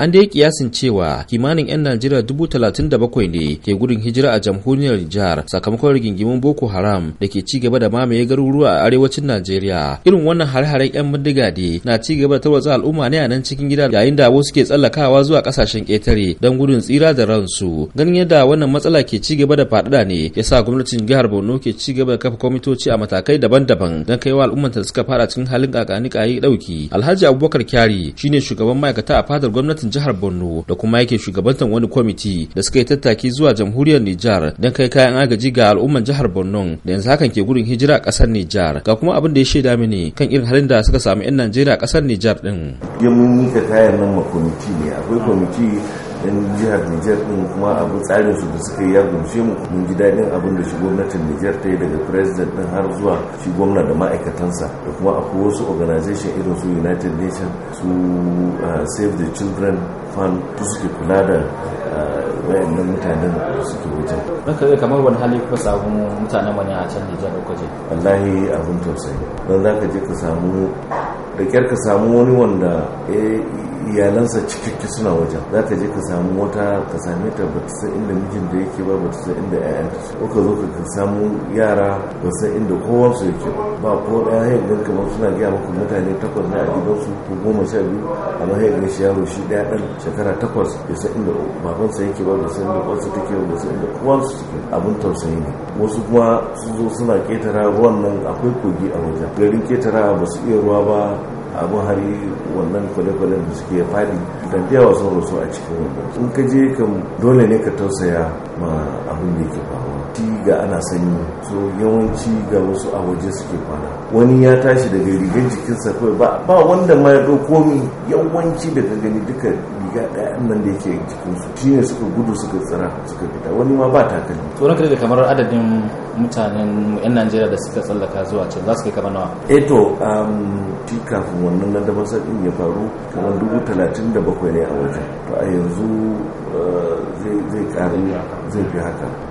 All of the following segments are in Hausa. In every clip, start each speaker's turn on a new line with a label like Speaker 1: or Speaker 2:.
Speaker 1: an dai kiyasin cewa kimanin 'yan najeriya dubu talatin da bakwai ne ke gudun hijira a jamhuriyar nijar sakamakon rigingimin boko haram da ke ci gaba da mamaye garuruwa a arewacin najeriya irin wannan hare-haren 'yan bindiga ne na ci gaba da tarwatsa al'umma ne a nan cikin gida yayin da wasu ke tsallakawa zuwa kasashen ƙetare don gudun tsira da ransu ganin yadda wannan matsala ke ci gaba da faɗaɗa ne ya sa gwamnatin jihar borno ke ci gaba da kafa kwamitoci a matakai daban-daban don kaiwa al'ummar da suka fara cikin halin kakani ƙayi ɗauki alhaji abubakar kyari shine shugaban ma'aikata a fadar gwamnatin jihar borno da kuma yake shugabantar wani kwamiti da suka yi tattaki zuwa jamhuriyar nijar don kai kayan agaji ga al'umman jihar borno da yanzu hakan ke gudun hijira a ƙasar nijar ga kuma abin da ya shaida mini kan irin halin da suka samu 'yan najeriya a ƙasar nijar din.
Speaker 2: mun mika kayan nan ma kwamiti ne akwai kwamiti yan jihar niger din kuma abu tsarin su da suka yi ya gumshe mu mun ji daɗin abin da shi gwamnatin niger ta yi daga president din har zuwa shi gwamna da ma'aikatansa da kuma akwai wasu organization irin su united nations su ah, save the children fund su suke kula da ah, wayannan mutanen da suke wajen
Speaker 1: haka zai kamar wani hali kuma samu mutanen wani a can niger da kwaje
Speaker 2: wallahi abin tausayi don za ka je ka samu da kyar ka samu wani wanda eh, iyalansa cikakki suna wajen za ka je ka samu wata ka same ta ba ta san inda mijin da yake ba ba ta san inda ƴaƴanta su ko ka zo ka samu yara ba san inda kowansu su yake ba ko ɗaya hayar ɗin kamar suna gaya maka mutane takwas na a su, ko goma sha biyu amma hayar ɗin shi yaro shi ɗaya ɗan shekara takwas ya san inda babansa yake ba ba san inda ƙwarsa take ba ba san inda kowansu ke. abin tausayi ne wasu kuma su zo suna ketara ruwan nan akwai kogi a wajen garin ketara ba su iya ruwa ba abu hari wannan kwale kwale da suke faɗi don yawa sun rasu a cikin wannan in ka je kan dole ne ka tausaya ma abin da yake faruwa ti ga ana sanyi so yawanci ga wasu a waje suke kwana wani ya tashi daga rigar jikinsa kawai ba wanda ma ya komi yawanci daga gani duka riga ɗaya nan da yake jikinsu shine suka gudu suka tsira suka fita wani ma ba takalmi
Speaker 1: to ranka da kamar adadin mutanen yan najeriya da suka tsallaka zuwa can za su kai kamar nawa
Speaker 2: eto eh um, ti kafin wannan na ya faru kamar dubu talatin da bakwai ne a wajen to a yanzu uh, zai karu zai fi haka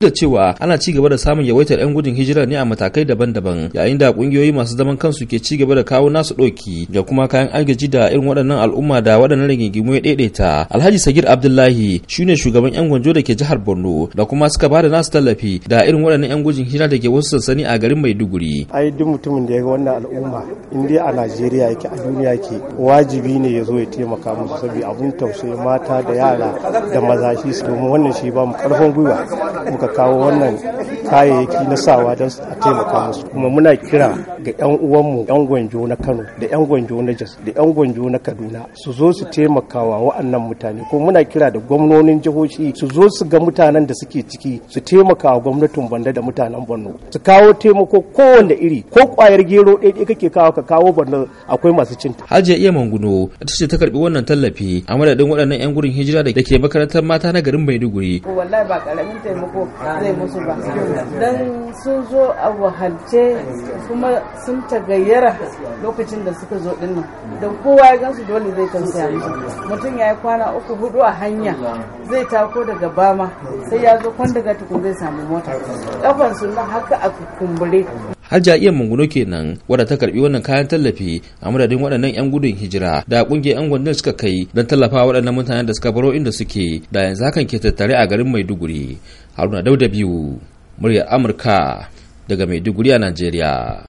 Speaker 2: da
Speaker 1: cewa ana ci gaba da samun yawaitar 'yan gudun hijira ne a matakai daban-daban yayin da kungiyoyi masu zaman kansu ke ci gaba da kawo nasu ɗoki da kuma kayan agaji da irin waɗannan al'umma da waɗannan rigingimu ya daidaita alhaji sagir abdullahi shine shugaban 'yan gwanjo da ke jihar borno da kuma suka ba da nasu tallafi da irin waɗannan 'yan gudun hijira da ke wasu sansani a garin maiduguri
Speaker 3: ai duk mutumin da ya ga wannan al'umma in dai a najeriya yake a duniya yake wajibi ne ya zo ya taimaka musu saboda abun tausayi mata da yara da maza shi domin wannan shi ba mu karfin gwiwa muka kawo wannan kayayyaki na sawa don a taimaka musu kuma muna kira ga 'yan uwanmu 'yan gwanjo na kano da 'yan gwanjo na jos da 'yan gwanjo na kaduna su zo su taimakawa wa'annan mutane ko muna kira da gwamnonin jihohi su zo su ga mutanen da suke ciki su taimaka wa gwamnatin banda da mutanen borno su kawo taimako kowanne iri ko kwayar gero ɗaya kake kawo ka kawo borno akwai masu cinta
Speaker 1: hajiya iya manguno ta ce ta karbi wannan tallafi a madadin waɗannan 'yan gurin hijira da ke makarantar mata na garin maiduguri
Speaker 3: ɗan taimako zai musu ba don sun zo a wahalce kuma sun tagayyara lokacin da suka zo nan da kowa ya gansu dole zai tausaya musu mutum ya yi kwana uku hudu a hanya zai tako daga bama sai ya zo kwan daga tukun zai samu mota kafan na haka a kumbure
Speaker 1: har jami'an Munguno kenan wadda ta karbi wannan kayan tallafi a madadin waɗannan 'yan gudun hijira da kungiyar 'yan gwandan suka kai don tallafa waɗannan mutanen da suka baro inda suke da yanzu hakan ke tattare a garin Maiduguri. Haruna Dauda biyu, muryar Amurka daga Maiduguri a Najeriya.